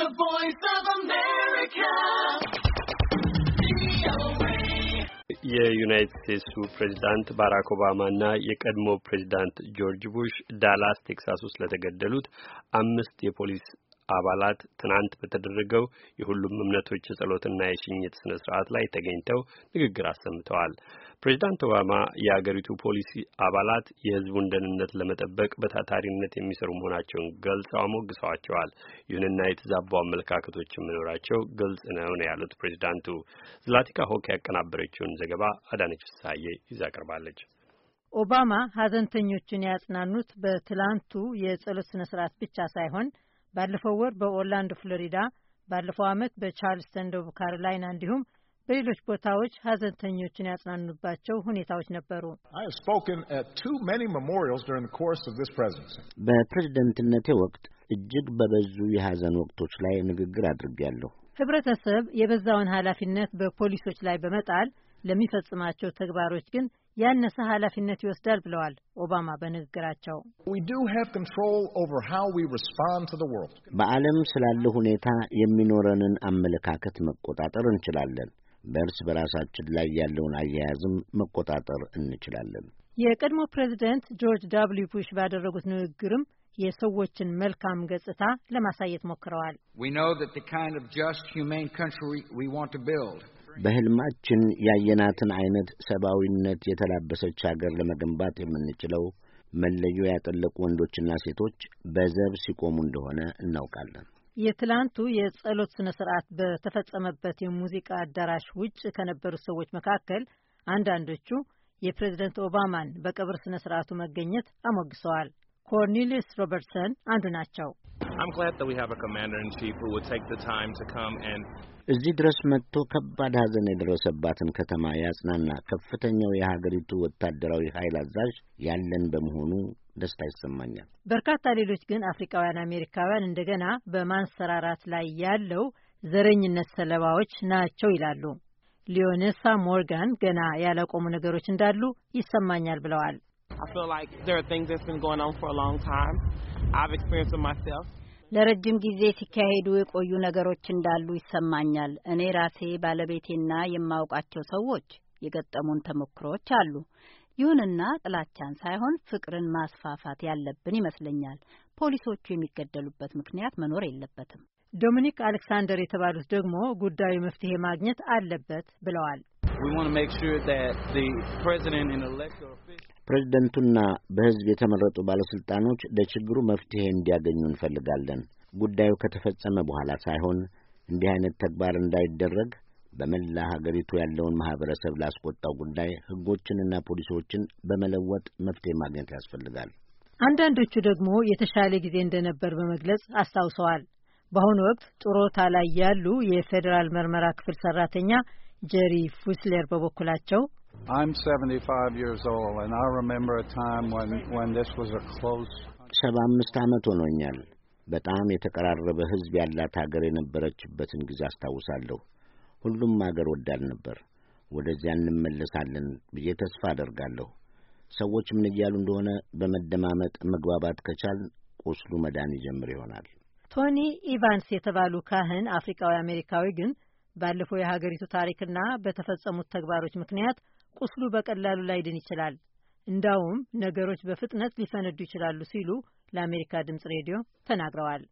The Voice of America. የዩናይትድ ስቴትሱ ፕሬዚዳንት ባራክ ኦባማና የቀድሞ ፕሬዚዳንት ጆርጅ ቡሽ ዳላስ ቴክሳስ ውስጥ ለተገደሉት አምስት የፖሊስ አባላት ትናንት በተደረገው የሁሉም እምነቶች የጸሎትና የሽኝት ስነ ስርዓት ላይ ተገኝተው ንግግር አሰምተዋል። ፕሬዚዳንት ኦባማ የአገሪቱ ፖሊሲ አባላት የህዝቡን ደህንነት ለመጠበቅ በታታሪነት የሚሰሩ መሆናቸውን ገልጸው አሞግሰዋቸዋል። ይሁንና የተዛቡ አመለካከቶች መኖራቸው ግልጽ ነው ነው ያሉት ፕሬዚዳንቱ። ዝላቲካ ሆክ ያቀናበረችውን ዘገባ አዳነች ፍሳዬ ይዛ ቀርባለች። ኦባማ ሀዘንተኞቹን ያጽናኑት በትላንቱ የጸሎት ስነ ስርዓት ብቻ ሳይሆን ባለፈው ወር በኦርላንዶ ፍሎሪዳ፣ ባለፈው ዓመት በቻርልስተን ደቡብ ካሮላይና እንዲሁም በሌሎች ቦታዎች ሀዘንተኞችን ያጽናኑባቸው ሁኔታዎች ነበሩ። በፕሬዝደንትነቴ ወቅት እጅግ በበዙ የሀዘን ወቅቶች ላይ ንግግር አድርጌያለሁ። ህብረተሰብ የበዛውን ኃላፊነት በፖሊሶች ላይ በመጣል ለሚፈጽማቸው ተግባሮች ግን ያነሰ ኃላፊነት ይወስዳል ብለዋል ኦባማ በንግግራቸው። በዓለም ስላለ ሁኔታ የሚኖረንን አመለካከት መቆጣጠር እንችላለን። በእርስ በራሳችን ላይ ያለውን አያያዝም መቆጣጠር እንችላለን። የቀድሞ ፕሬዚደንት ጆርጅ ዳብሊው ቡሽ ባደረጉት ንግግርም የሰዎችን መልካም ገጽታ ለማሳየት ሞክረዋል። በሕልማችን ያየናትን ዐይነት ሰብአዊነት የተላበሰች አገር ለመገንባት የምንችለው መለዮ ያጠለቁ ወንዶችና ሴቶች በዘብ ሲቆሙ እንደሆነ እናውቃለን። የትላንቱ የጸሎት ስነ ስርዓት በተፈጸመበት የሙዚቃ አዳራሽ ውጭ ከነበሩት ሰዎች መካከል አንዳንዶቹ የፕሬዝደንት ኦባማን በቀብር ስነ ስርዓቱ መገኘት አሞግሰዋል። ኮርኔሊየስ ሮበርትሰን አንዱ ናቸው። እዚህ ድረስ መጥቶ ከባድ ሐዘን የደረሰባትን ከተማ ያጽናና ከፍተኛው የሀገሪቱ ወታደራዊ ኃይል አዛዥ ያለን በመሆኑ ደስታ ይሰማኛል። በርካታ ሌሎች ግን አፍሪካውያን አሜሪካውያን እንደገና በማንሰራራት ላይ ያለው ዘረኝነት ሰለባዎች ናቸው ይላሉ። ሊዮኔሳ ሞርጋን ገና ያላቆሙ ነገሮች እንዳሉ ይሰማኛል ብለዋል። ለረጅም ጊዜ ሲካሄዱ የቆዩ ነገሮች እንዳሉ ይሰማኛል። እኔ ራሴ ባለቤቴና የማውቃቸው ሰዎች የገጠሙን ተሞክሮዎች አሉ። ይሁንና ጥላቻን ሳይሆን ፍቅርን ማስፋፋት ያለብን ይመስለኛል። ፖሊሶቹ የሚገደሉበት ምክንያት መኖር የለበትም። ዶሚኒክ አሌክሳንደር የተባሉት ደግሞ ጉዳዩ መፍትሄ ማግኘት አለበት ብለዋል። ፕሬዝደንቱና በሕዝብ የተመረጡ ባለሥልጣኖች ለችግሩ መፍትሔ እንዲያገኙ እንፈልጋለን። ጉዳዩ ከተፈጸመ በኋላ ሳይሆን እንዲህ አይነት ተግባር እንዳይደረግ በመላ ሀገሪቱ ያለውን ማህበረሰብ ላስቆጣው ጉዳይ ሕጎችንና ፖሊሲዎችን በመለወጥ መፍትሔ ማግኘት ያስፈልጋል። አንዳንዶቹ ደግሞ የተሻለ ጊዜ እንደነበር በመግለጽ አስታውሰዋል። በአሁኑ ወቅት ጡረታ ላይ ያሉ የፌዴራል ምርመራ ክፍል ሰራተኛ ጄሪ ፉስሌር በበኩላቸው ሰባ አምስት ዓመት ሆኖኛል። በጣም የተቀራረበ ሕዝብ ያላት ሀገር የነበረችበትን ጊዜ አስታውሳለሁ። ሁሉም አገር ወዳድ ነበር። ወደዚያ እንመለሳለን ብዬ ተስፋ አደርጋለሁ። ሰዎች ምን እያሉ እንደሆነ በመደማመጥ መግባባት ከቻል ቁስሉ መዳን ይጀምር ይሆናል። ቶኒ ኢቫንስ የተባሉ ካህን አፍሪካዊ አሜሪካዊ ግን ባለፈው የሀገሪቱ ታሪክና በተፈጸሙት ተግባሮች ምክንያት ቁስሉ በቀላሉ ላይድን ይችላል። እንዳውም ነገሮች በፍጥነት ሊፈነዱ ይችላሉ ሲሉ ለአሜሪካ ድምፅ ሬዲዮ ተናግረዋል።